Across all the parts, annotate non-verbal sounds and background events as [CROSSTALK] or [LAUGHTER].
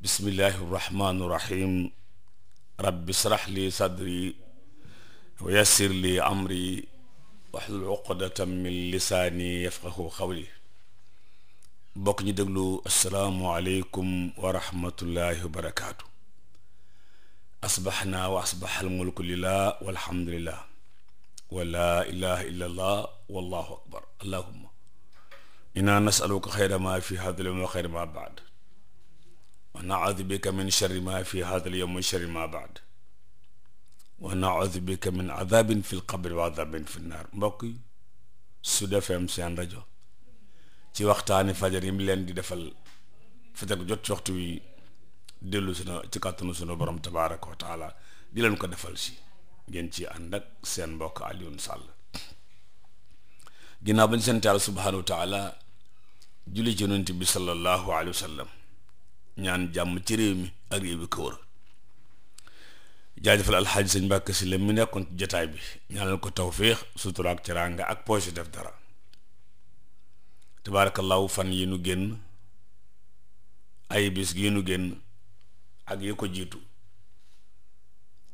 bismillahi rahmaani rahim rabbi srah li sadri wa yassir li amri waxlul uqdatan min lisaani yafqahu qawli bokk ñu déglu asalaamu aleykum wa rahmatullahi wa barakaatu asbaxnaa wa asbaxal mulku lillah walhamdulillah wa laa ilaha illa allah wallahu akbar allahumma inna nasaluka xayra ma fi hada l yawm wa xayra ma baad wa naudu bika min sharri ma fi hada al yowm wa sharri ma baad wa naudu bika min adabin fi lqabri wa adabin fi nnaar mbokk yi Sud FM seen rajo ci waxtaani fajar yi mu leen di defal fajar gu jot ci waxtu wi dellu sunu ci kàttanu sunu borom tabaaraka wa taala di leen ko defal si ngeen ci ànd ak seen mbokk Alioune Sall ginnaaw ba ñu seen taal subhaanahu wa taala julli ci yonent bi sallallahu alayhi wa sallam ñaan jàmm ci réew mi ak réew bi ko wër jaajëfal alxaaji sëñ Mbàkke si la mu nekkoon ci jataay bi ñaanal ko tawféex sutura ak teraanga ak poche def dara tabaarakallaahu fan yi nu génn ay bis yi nu génn ak yi ko jiitu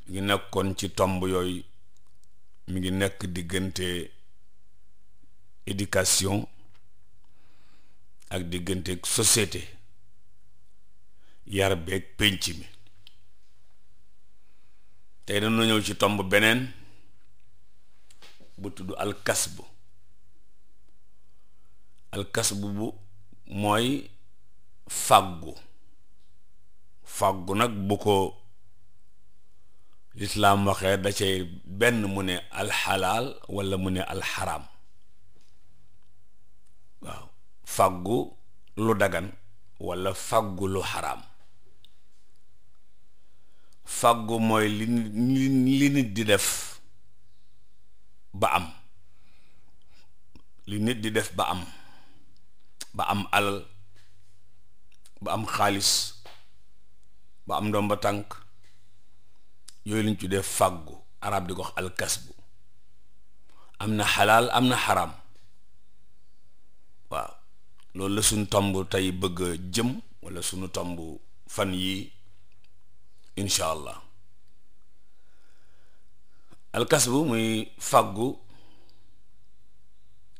mi ngi nekkoon ci tomb yooy mu ngi nekk diggante éducation ak diggante société yar beeg pénc mi tey dañu ñëw ci tomb beneen bu tudd alkasbu alkasbu bu mooy fàggu fàggu nag bu ko lislaam waxee da cay benn mu ne alxalaal walla mu ne alxaraam waaw fàggu lu dagan walla fàggu lu xaraam fàggu mooy li li nit di def ba am li nit di def ba am ba am alal ba am xaalis ba am ndomba tànk yooyu lañ tuddee fàggu arab di ko wax alkasbu am na xalaal am na xaraam waaw loolu la suñ tomb tey bëgg jëm walla suñu tomb fan yi incha allah alkasbu muy fàggu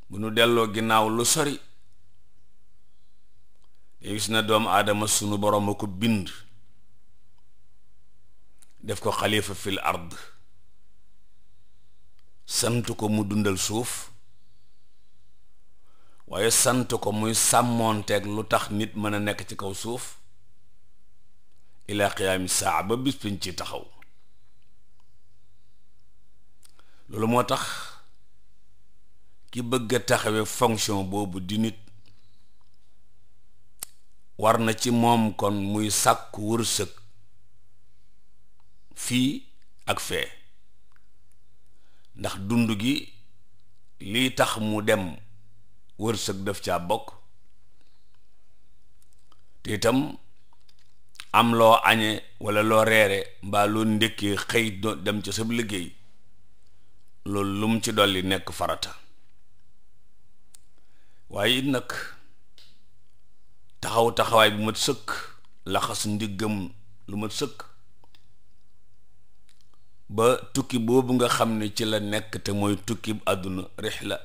bu nu delloo ginnaaw lu sori day gis na doomu aadama sunu borom a ko bind def ko xalifa fil ard sant ko mu dundal suuf waaye sant ko muy sàmmoonteeg lu tax nit mën a nekk ci kaw suuf ilaa mi saa ba bis biñ ci taxaw loolu moo tax ki bëgg a taxawee fonction boobu di nit war na ci moom kon muy sàkk wërsëg fii ak fee ndax dund gi lii tax mu dem wërsëg def ca bokk te itam am loo añe wala loo reere mbaa loo ndékkee xëy dem ca sab liggéey loolu lum ci dolli nekk farata waaye it nag taxaw taxawaay bu mat sëkk laxas ndiggam lu ma sëkk ba tukki boobu nga xam ne ci la nekk te mooy tukki bu àdduna rixla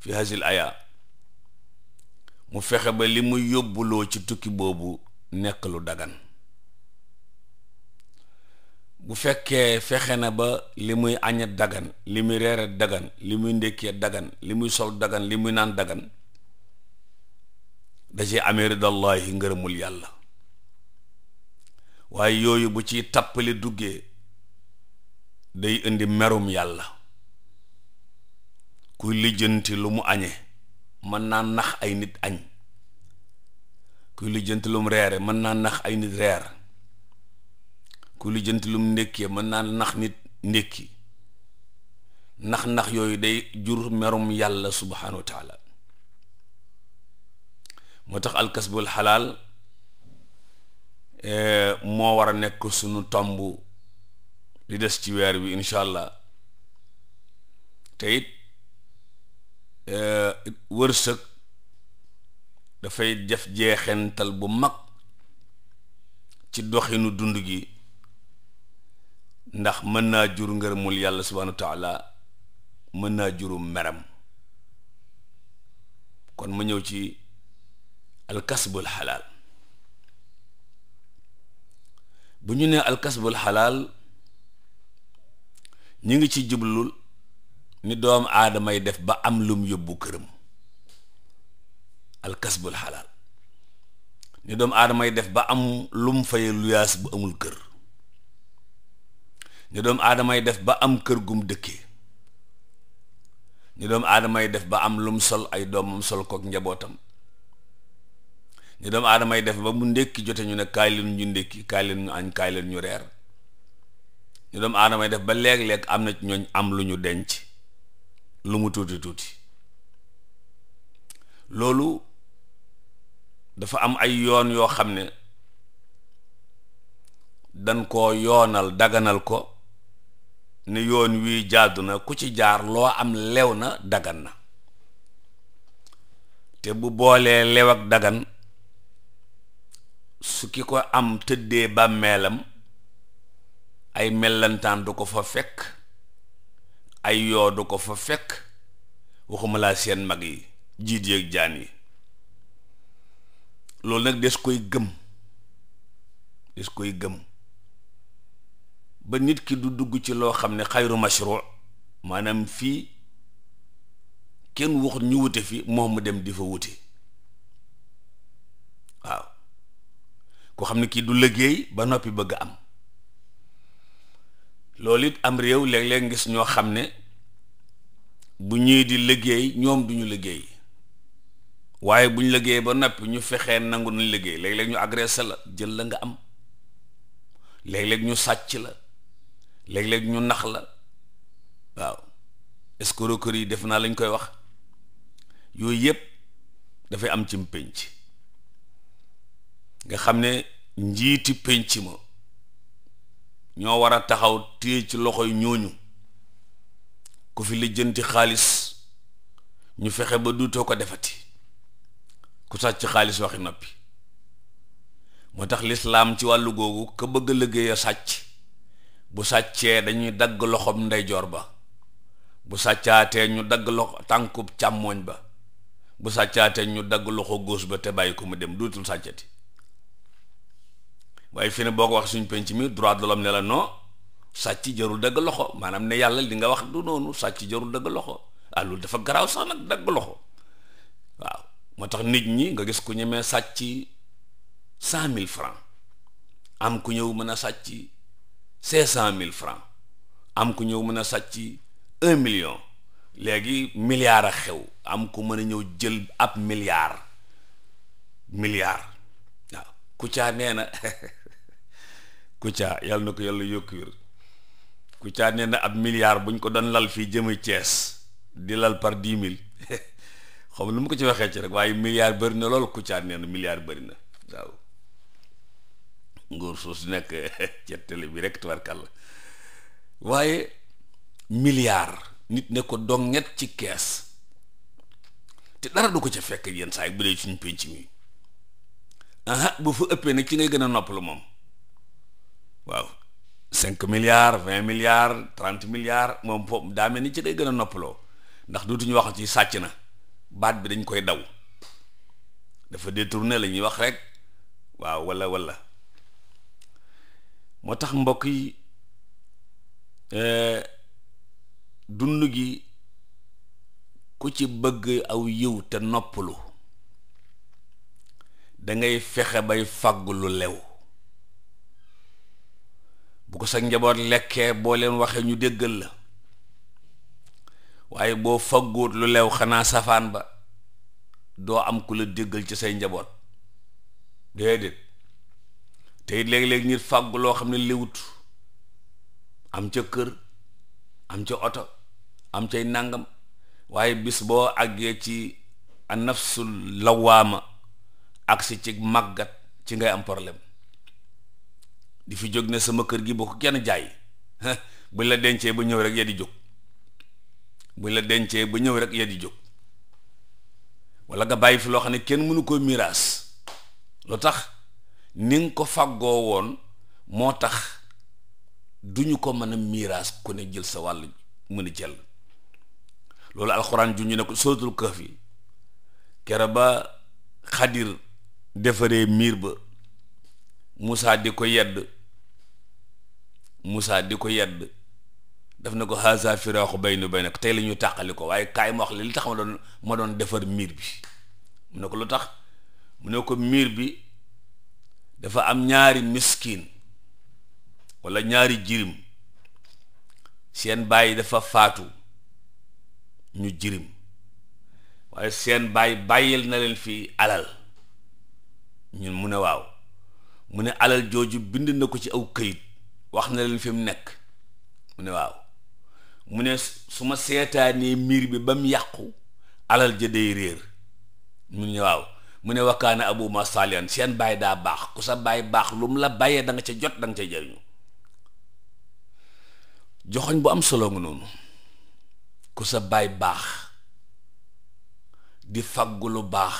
fi hasil aya mu fexe ba li mu yóbbuloo ci tukki boobu nekk lu dagan bu fekkee fexe na ba li muy aña dagan li muy reere dagan li muy ndékkee dagan li muy sol dagan li muy naan dagan da ci amee ridallahi ngërëmul yàlla waaye yooyu bu ci tappale duggee day indi merum yàlla kuy lijjanti lu mu añe mën naa nax ay nit añ kuy lijjanti lum reere mën naa nax ay nit reer kuy lu lum ndékkee mën naa nax nit ndékki nax-nax yooyu day jur merum yàlla subhaanahu wa moo tax alkasbul xalaal eh, moo war a nekk sunu tomb di des ci weer bi incha allah te it eh, wërsëg dafay def jeexental bu mag ci doxinu dund gi ndax mën naa jur ngërëmul yàlla subhaanahu wa taala mën naa juru meram kon ma ñëw ci alkasbul xalaal bu ñu nee alkasbul xalaal ñu ngi ci jublul ni doomu aadamay def ba am lum yóbbu këram alkasbul xalaal ni doomu aadamay def ba am lu mu fay luyaas bu amul kër ni doomu aadamay def ba am kër gum dëkkee ni doomu aadamay def ba am lum sol ay doomam sol kook njabootam ni doomu aadamay def ba mu ndékki jote ñu ne kaay leen ñu ndékki kaay ñu añ kaay ñu reer ni doomu aadamay def ba leeg lekk am na ñooñ am lu ñu denc lu mu tuuti tuuti loolu dafa am ay yoon yoo xam ne dan koo yoonal daganal ko ne yoon wii jaadu na ku ci jaar loo am lew na dagan na te bu boolee lew ak dagan su ki ko am tëddee bàmmeelam ay mellantaan du ko fa fekk ay yoo du ko fa fekk waxuma laa seen mag yi jiit yéeg jaan yi loolu nag des koy gëm des koy gëm ba nit ki du dugg ci loo xam ne xayru mashru maanaam fii kenn waxut ñu wute fi moom mu dem di fa wute waaw koo xam ne kii du liggéey ba noppi bëgg am loolu it am réew léeg-léeg ngis ñoo xam ne bu ñuy di liggéey ñoom duñu liggéey waaye bu ñu liggéey ba noppi ñu fexee nangu nañ liggéey léeg-léeg ñu agressé la jël la nga am léeg-léeg ñu sàcc la léeg-léeg ñu nax la waaw escroquerie yi def naa lañ koy wax yooyu yëpp dafay am ci pénc nga xam ne njiiti pénc ma ñoo war a taxaw téye ci loxo loxoy ñooñu ku fi lijjanti xaalis ñu fexe ba duutoo ko defati ku sàcc xaalis waxi noppi moo tax lislaam ci wàllu googu ka bëgg a liggéey sàcc bu sàccee dañuy dagg loxob ndeyjoor ba bu sàccaatee ñu dagg loxo tànku càmmooñ ba bu sàccaatee ñu dagg loxo góos ba te bàyyi ko mu dem duutul sàccati waaye fi ne boo ko wax suñu penc mi droit de l'homme ne la non sàcc jarul dagg loxo maanaam ne yàlla li nga wax du noonu sàcc jarul dagg loxo ah dafa garaaw sax nag dagg loxo waaw moo tax nit ñi nga gis ku ñemee sàcc cent mille francs am ku ñëw mën a sàcc cinq cent mille francs am ku ñëw mën a sàcc un million léegi milliard a xew am ku mën a ñëw jël ab milliard milliard waaw Kouthia nee na [LAUGHS] Kouthia yàlla na ko yàlla yokk wér Kouthia nee na ab milliard buñ ko doon lal fii jëm Cees di lal par dix mille [LAUGHS] xaw nu mu ko ci waxee ci rek waaye milliard bëri na lool Kouthia nee na milliard na waaw ngóor suus nekk [LAUGHS] ca bi rek tubarkàlla waaye milliard nit ne ko donget ci kees te dara du ko ca fekk yenn saa yi bu dee suñu penc mi bu fa ëppee nag ci ngay gën a noppalu moom waaw cinq milliards vingt milliards trente milliards moom foofu daa mel ni ci ngay gën a noppaloo ndax dootuñu wax ci sàcc na baat bi dañ koy daw dafa détourné la ñuy wax rek waaw walla walla moo tax mbokk yi e, dund gi ku ci bëgg aw yiw te noppalu dangay fexe bay fàggu lu lew bu ko sa njaboot lekkee boo leen waxee ñu déggal la waaye boo faggoot lu leew xanaa safaan ba doo am ku la déggal ci say njaboot déedéet tey léeg-léeg nit fàggu loo xam ne liwut am ca kër am ca oto am cay nàngam waaye bis boo àggee ci a nafsul lawaama agsi ci màggat ci ngay am problème di fi jóg ne sama kër gi boo ko genn jaay [LAUGHS] bu la dencee ba ñëw rek ya di jóg bu dencee ba ñëw rek ya di jóg wala nga bàyyi fi loo xam ne kenn mënu koo miraas lu tax ni ko fàggoo woon moo tax duñu ko mën a miraas ku ne jël sa wàll mën a loolu alxuraan ju ñu ne ko suratul kahf yi kere ba xaddir defaree miir ba Moussa di ko yedd Moussa di ko yedd daf na ko haza firaaxu bay nu bay nag tey la ñu tàqali ko waaye kaay ma wax li tax ma doon ma doon defar miir bi mu ne ko lu tax mu ne ko miir bi dafa am ñaari miskin walla ñaari jirim seen bàyyi dafa faatu ñu jirim waaye seen bàyyi bàyyil na leen fii alal ñun mu ne waaw mu ne alal jooju bind na ko ci aw këyit wax na leen fi mu nekk mu ne waaw mu ne su ma seetaanee miir bi ba mu yàqu alal ja day réer mu ne waaw mu ne wakkaana abuma salian seen baay daa baax ku sa baay baax lu mu la bàyyee da nga ca jot danga nga ca jariñu joxoñ bu am solo nga noonu ku sa baay baax di faggu baax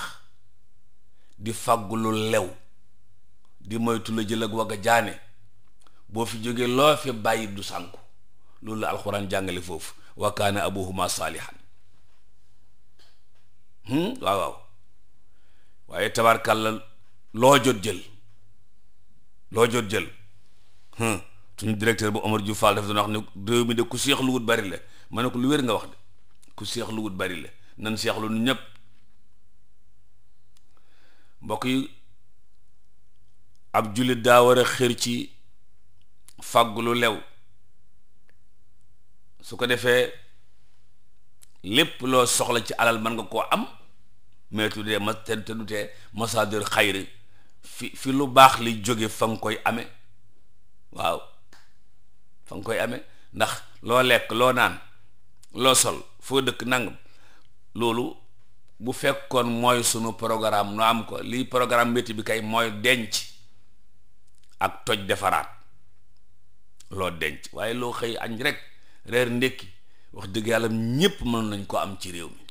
di faggu lew di moytu la jël ak wagga jaane boo fi jógee loo fi bàyyi du sànku loolu la alxuraan jàngale foofu wa kaana abuhuma saalihan hmm? waaw waaw waaye tabarkàlla loo jot jël loo jot jël hmm? suñu directeur bu Omar Diouf Fall dafa doon wax ne réew mi de ku seex lu wut bari la ma ne ko lu wér nga wax de ku seex lu wut bari la nan seex lu nu ñépp mbokk yi ab jullit daa war a xër ci fàggu lu lew su ko defee lépp loo soxla ci alal mën nga koo am mais tuddee ma te te dutee masaadir xayri fi fi lu baax li jóge fa koy amee waaw fa koy ame ndax loo lekk loo naan loo sol foo dëkk nangam loolu bu fekkoon mooy sunu programme nu am ko lii programme métti bi kay mooy denc ak toj defaraat loo denc waaye loo xëy añ rek reer ndékki wax dëgg yàlla ñépp mën nañ koo am ci réew mi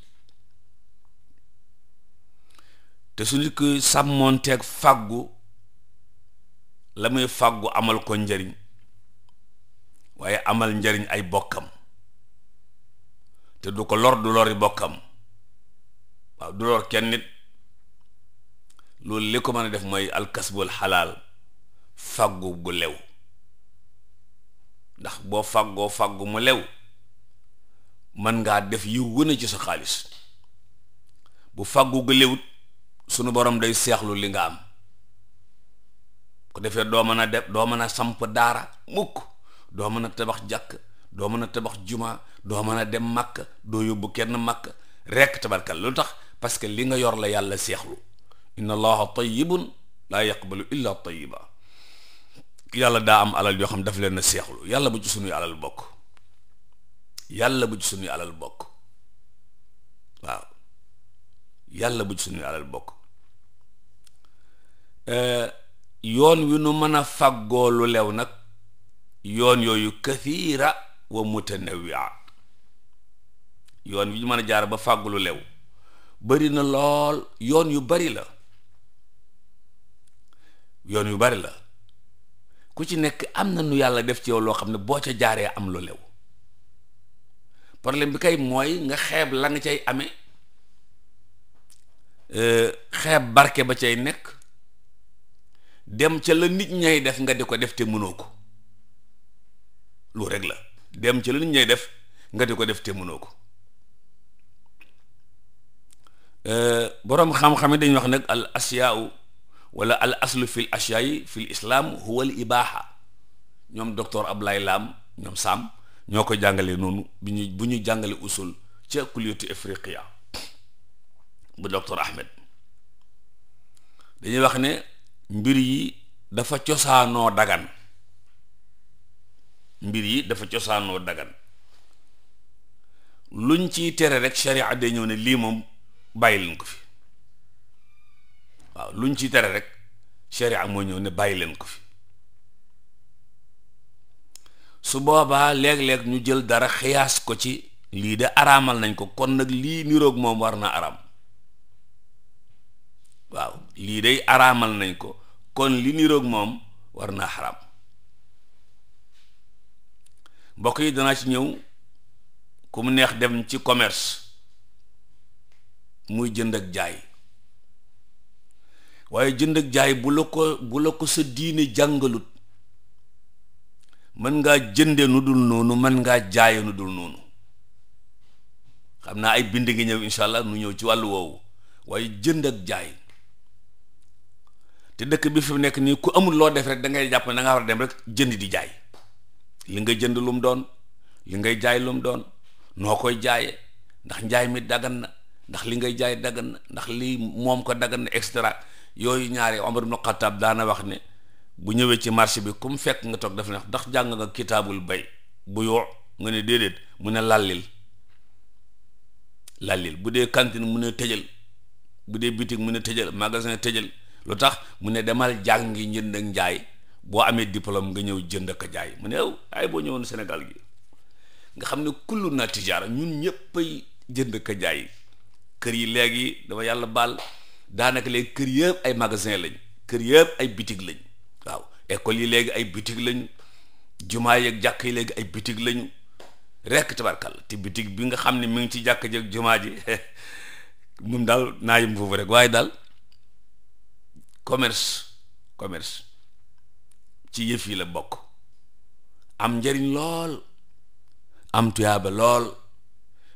te su nit ko sàmmoonteeg fàggu la muy fàggu amal ko njariñ waaye amal njariñ ay bokkam te du ko lor du lori bokkam waaw du lor kenn nit loolu li ko mën a def mooy alkasbul xalaal fàggu gu lew ndax boo fàggoo fàggu mu lew mën ngaa def yiw wëne ci sa xaalis bu fàggu ga lewut sunu boroom day seexlu li nga am ko defee doo mën a def doo mën a samp daara mukk doo mën a tabax jàkk doo mën a tabax juma doo mën a dem màkk doo yóbbu kenn màkk rekk tabarkal lu tax parce que li nga yor la yàlla seexlu inna allaha tayyibun laa yaqbalu illa tayyiba yàlla daa am alal yoo xam daf leen a seexlu yàlla bu ci sunuy alal bokk yàlla bu ci sunuy alal bokk waaw yàlla bu ci bokk eh, yoon wi nu mën a fàggoo lu lew nag yoon yooyu kathiira wa mutanawia yoon wi ñu mën a jaar ba fàggu lu lew bari na lool yoon yu bari la yoon yu bari la ku ci nekk am na nu yàlla def ci yow loo xam ne boo ca jaaree am lu lew problème bi kay mooy nga xeeb la nga cay amee euh, xeeb barke ba cay nekk dem ca la nit ñay def nga di ko def te mënoo ko lu rek la dem ca la nit ñay def nga di ko def te mënoo ko euh, boroom xam-xam yi dañuy wax nag al asiyaaw wala al aslu fil ashyaay fil islaam huwa al ibaaha ñoom docteur Ablaye Lam ñoom Sam ñoo ko jàngalee noonu bi ñu bu ñu jàngale usul ca kuliyatu Afriqiya bu docteur Ahmed dañuy wax ne mbir yi dafa cosaanoo dagan mbir yi dafa cosaanoo dagan luñ ciy tere rek sharia day ñëw ne lii moom bàyyi leen ko fi waaw lu ñu ci tere rek sharia moo ñëw ne bàyyi leen ko fi su boobaa léeg-léeg ñu jël dara xiyaas ko ci lii de araamal nañ ko kon nag lii niroog moom war na araam waaw lii araamal nañ ko kon li moom war na xaraam mbokk yi danaa ci ñëw ku mu neex dem ci commerce muy jënd ak jaay waaye jënd ak jaay bu la ko bu la ko sa diine jàngalut mën ngaa jënde nu dul noonu mën ngaa jaaye nu dul noonu xam naa ay bind ngi ñëw incha nu ñëw ci wàllu woowu waaye jënd ak jaay te dëkk bi fi nekk nii ku amul loo def rek da ngay jàpp ne da ngaa war a dem rek jënd di jaay li nga jënd lu mu doon li ngay jaay lum doon noo koy jaaye ndax njaay mi daggan na ndax li ngay jaay daggan ndax li moom ko daggan na yooyu ñaari Omar ibn Khattab daana wax ne bu ñëwee ci marché bi ku mu fekk nga toog daf ne ndax jàng nga kitaabul bay bu yoo nga ne déedéet mu ne lallil lallil bu dee cantine mu ne tëjal bu dee bitig mu ne tëjal magasin tëjal lu tax mu ne demal jàngi njënd ak njaay boo amee diplôme nga ñëw jënd ak jaay mu ne aw ay boo ñëwoon Sénégal gi nga xam ne kullu na tijaara ñun ñëppay jënd ak jaay kër yi léegi dama yàlla baal daanaka léegi kër yëpp ay magasin lañ kër yëpp ay bitig lañ waaw école yi léegi ay bitig lañ jumaa yeeg jàkk yi léegi ay bitig lañu rekk tabarkal te bitig bi nga xam ne mu ngi ci jàkk ji ak jumaa ji [LAUGHS] moom daal naa yëm foofu rek waaye daal commerce commerce ci yëf yi la bokk am njariñ lool am tuyaaba lool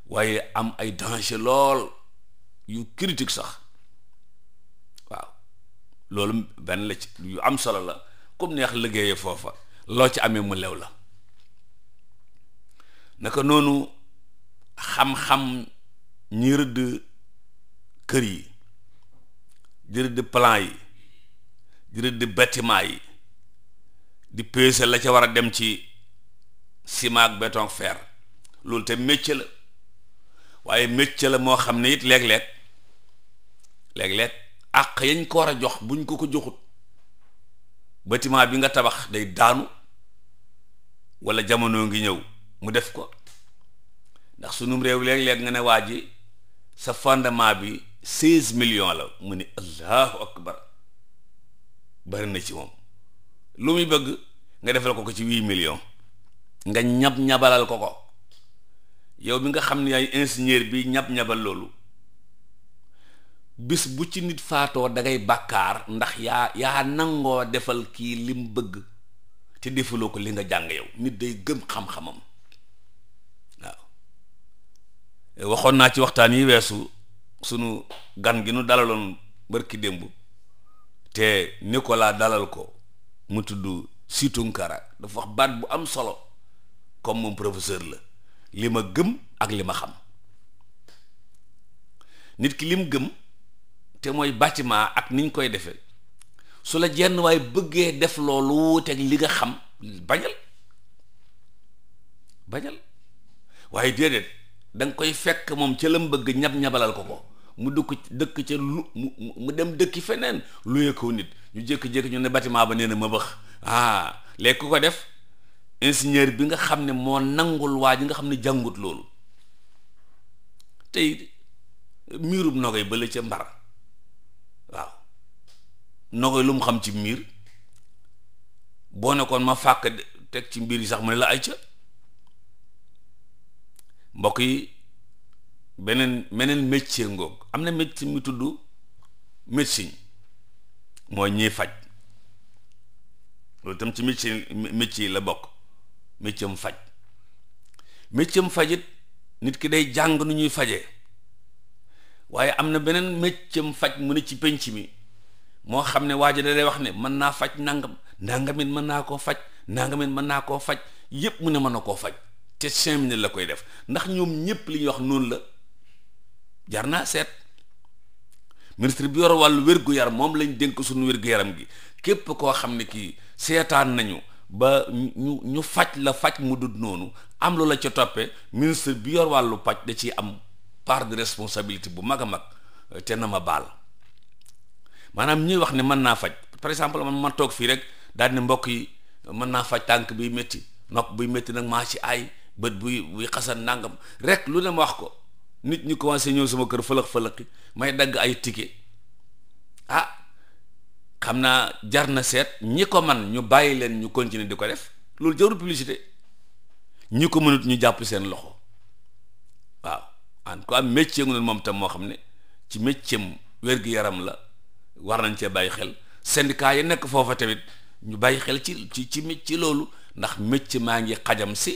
waaye am ay danger lool yu critique sax loolu benn la ci yu am solo la comme neex liggéeyee foofa loo ci amee mu lew la naka noonu xam-xam ñi rëdd kër yi di rëdd plan yi di rëdd bâtiment yi di peese la ca war a dem ci ciment ak béton fer loolu te métier la waaye métier la moo xam ne it léeg-léeg léeg xaq yañ ko war a jox buñ ko ko joxut bâtiment bi nga tabax day daanu wala jamono ngi ñëw mu def ko ndax sunum réew léeg-léeg nga ne waa ji sa fondement bi seize million la mu ne allahu akbar bari na ci moom lu muy bëgg nga defal ko ko ci huit million nga ñab ñabalal ko ko yow bi nga xam ne yaay ingénieur bi ñab ñabal loolu bis bu ci nit faatoo dangay bàkkaar ndax yaa yaa nangoo defal kii lim bëgg te defuloo ko li nga jàng yow nit day gëm xam-xamam waaw waxoon naa ci waxtaan yi weesu sunu gan gi nu dalaloon bërki démb te ni ko laa dalal ko mu tudd Situnkara dafa wax baat bu am solo comme moom professeur la li ma gëm ak li ma xam nit ki lim gëm te mooy bâtiment ak niñ koy defee su la jenn waay bëggee def loolu wuuteeg li nga xam bañal bañal waaye déedéet da nga koy fekk moom ca lam bëgg ñab-ñabalal ko ko mu dëkk dëkk ca lu mu dem dëkki feneen lu ko nit ñu jékki-jékki ñu ne bâtiment ba nee na ma bëx ah léegi ku ko def ingénieur bi nga xam ne moo nangul waa ji nga xam ne jàngut loolu tey miirub nogay bële ca mbar nogoy lu mu xam ci miir boo nekkoon ma fàkk teg ci mbir yi sax mu ne la ay ca mbokk yi beneen beneen métier ngoog am na métier mu tudd médecine mooy ñiy faj loolu ci métier métier la bokk métier faj métier mu fajit nit ki day jàng nu ñuy faje waaye am na beneen métier faj mu ne ci pénc mi moo xam ne waa ji da lay wax ne mën naa faj nangam nangamit mën naa koo faj nangamit mën naa koo faj yépp mu ne mën na koo faj te la koy def ndax ñoom ñépp li ñuy wax noonu la jar naa seet ministre bi yor wàllu wér gu moom lañ dénk suñu wér yaram gi képp koo xam ne kii seetaan nañu ba ñu ñu faj la faj mu dut noonu am lu la ca toppee ministre bi yor wàllu faj da ciy am part de responsabilité bu mag a mag te na ma baal maanaam ñuy wax ne mën naa faj par exemple man ma toog fii rek daal ne mbokk yi mën naa faj tànk biy métti nopp buy métti nag maa ci aay bët buy buy xasan nangam rek lu ne ma wax ko nit ñi commencé ñëw sama kër fëlëx may dagg ay ticket ah xam naa jar na seet ñi ko man ñu bàyyi leen ñu continuer di ko def loolu jarul publicité ñi ko mënut ñu jàpp seen loxo waaw en tout cas métier ngu moom tam moo xam ne ci métier wér-gu-yaram la war nañ cee bàyyi xel syndicat yi nekk foofa tamit ñu bàyyi xel ci ci ci ci loolu ndax mécc maa ngi xajam si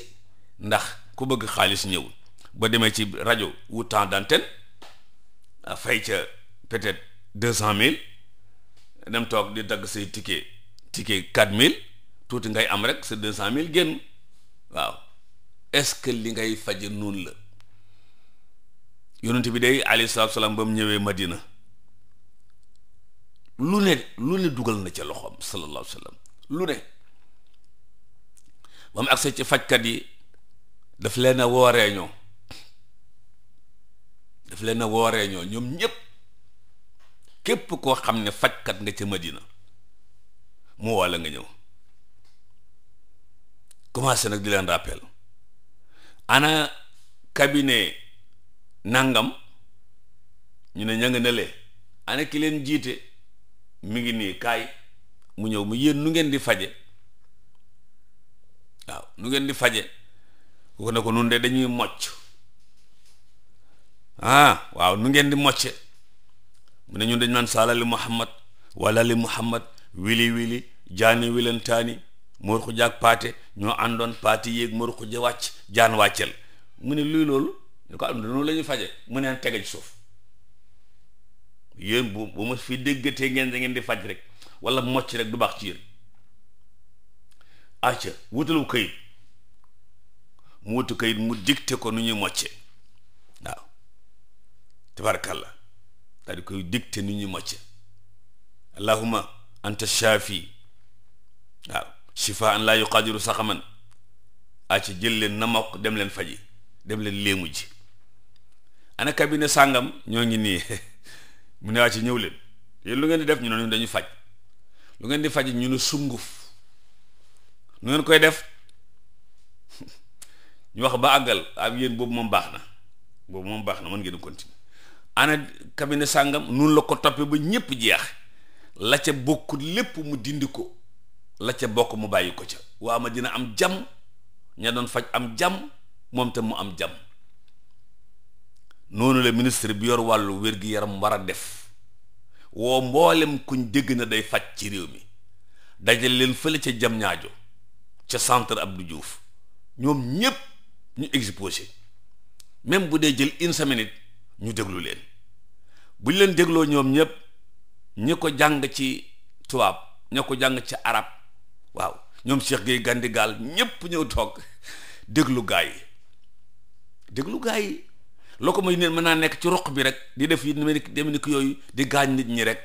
ndax ku bëgg xaalis ñëwul ba demee ci rajo wu temps d'antenne fay ca peut-être deux cent mille dem toog di dagg say ticket ticket quatre mille tuuti ngay am rek sa deux cent mille génn waaw est-ce li ngay faj nun la yonent bi day alayhi salaatu salaam ba mu ñëwee Madina lu ne lu dugal na ca loxoom sallallahu alayhi lu ne ba mu agsee ci fajkat yi daf leen a wooree ñoo daf leen a wooree ñoo ñoom ñépp képp koo xam ne fajkat nga ca Madina mu woo nga ñëw commencé nag di leen rappel ana cabinet nangam ñu ne ña nga ne lee ana ki leen jiite mi ngi nii kaay mu ñëw mu yéen nu ngeen di faje waaw nu ngeen di faje ku ne ko nun de dañuy mocc ah waaw nu ngeen di mocce mu ne ñun dañ naan saalali muhammad walali muhammad wili wili jaani wilantaani mor xu jaak paate ñoo àndoon paate yéeg mor xu ja wàcc jaan wàccel mu ne luy loolu ñu ko am ah, dañu la ñuy faje mu neen tege ci suuf yéen bu bu ma fi déggatee ngeen dangeen ngeen di faj rek wala mocc rek du baax ci yéen acca wutalu kayit mu wutu kayit mu dicté ko nu ñuy mocce waaw tabarakàllah daal di koy dicté nu ñuy mocce allahuma anta shaafi waaw shifaa an laa yuqaadiru saxaman acca jël leen na mokk dem leen faji dem leen léemu ji ana kabine sàngam ñoo ngi nii [LAUGHS] mu ne waa ci ñëw leen yéen lu ngeen di def ñu ne dañu faj lu ngeen di faj ñu ne sunguf nu ngeen koy def [LAUGHS] ñu wax ba àggal ak yéen boobu moom baax na boobu moom baax na mën ngeen continuer ana cabinet sàngam nun la ko toppee ba ñépp jeex la ca bokk lépp mu dindi ko la ca bokk mu bàyyi ko ca waa ma dina am jàmm ña doon faj am jàmm moom tam mu am jàmm noonu la ministre bi yor wàllu wér-gi-yaram war a def woo mboolem kuñ dégg na day faj ci réew mi dajal leen fële ca jam ñaajo ca centre Abdou Diouf ñoom ñépp ñu exposé même bu dee jël une semaine it ñu déglu leen bu ñu leen dégloo ñoom ñépp ñi ko jàng ci tubaab ña ko jàng ci arab waaw ñoom Cheikh Gueye Gandigal ñépp ñëw toog déglu gaa yi déglu gaa yi loo ko mooy nit mën naa nekk ci roq bi rek di def yi deme ni ko yooyu di gaañ nit ñi rek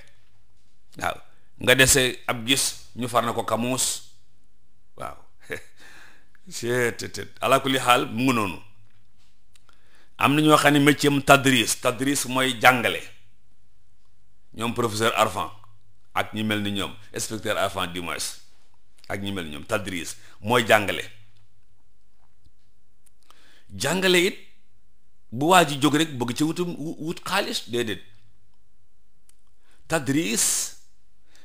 waaw nga dese ab gis ñu far na ko kamuus waaw seet [LAUGHS] alaa kulli xaal mu ngi noonu am na ñoo xam ne métier mu tadris tadris mooy jàngale ñoom professeur Arfan ak ñi mel ni ñoom inspecteur Arfan du moins ak ñi mel ni ñoom tadris mooy jàngale jàngale it bu waa ji jóg rek bëgg ci wutum wut xaalis déedéet tadris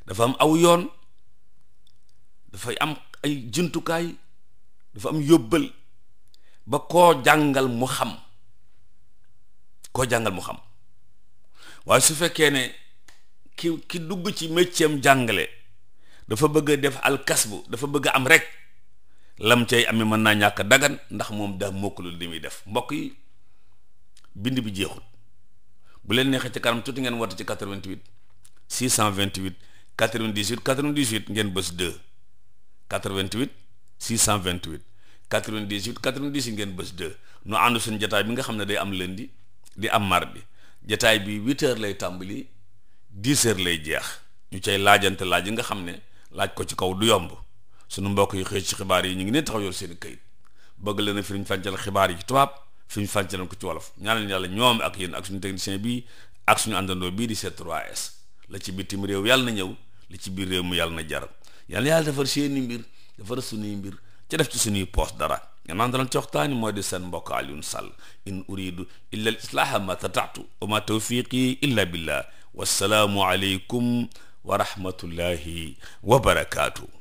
dafa am aw yoon dafay am ay jumtukaay dafa am yóbbal ba koo jàngal mu xam koo jàngal mu xam waaye su fekkee ne ki ki dugg ci métier jàngale dafa bëgg a def bu dafa bëgg am rek lam cay amee mën naa ñàkk dagan ndax moom da mokk lu li muy def mbokk yi bind bi jeexut bu leen neexee ci kanam tuuti ngeen woote ci 88 628 98 98 ngeen bës 2 88 628 98 98 ngeen bës 2 nu àndu suñu jataay bi nga xam ne day am lundi di am mar bi jataay bi 8 heures lay tàmbali 10 heures lay jeex ñu cay laajante laaj yi nga xam ne laaj ko ci kaw du yomb nu mbokk yu xëy ci xibaar yi ñu ngi ne taxaw yor seen i këyit bëgg leen a firiñ xibaar yi tubaab suñu fàncalan ko ci wolof ñaanal yàlla ñoom ak yéen ak suñu technicien bi ak suñu àndandoo bii di C3S la ci bitim réew yàlla na ñëw li ci biir réew mu yàlla na jar yàlla yàlla defar seeni mbir defar suñuy mbir ci def ci suñuy poos dara ngeen àndalan ci waxtaani mooy di seen mbokk Alioune Sall in uridu illa al islaaha ma tataatu wa ma tawfiqi illa billah wassalaamu aleykum wa rahmatullahi wa barakaatu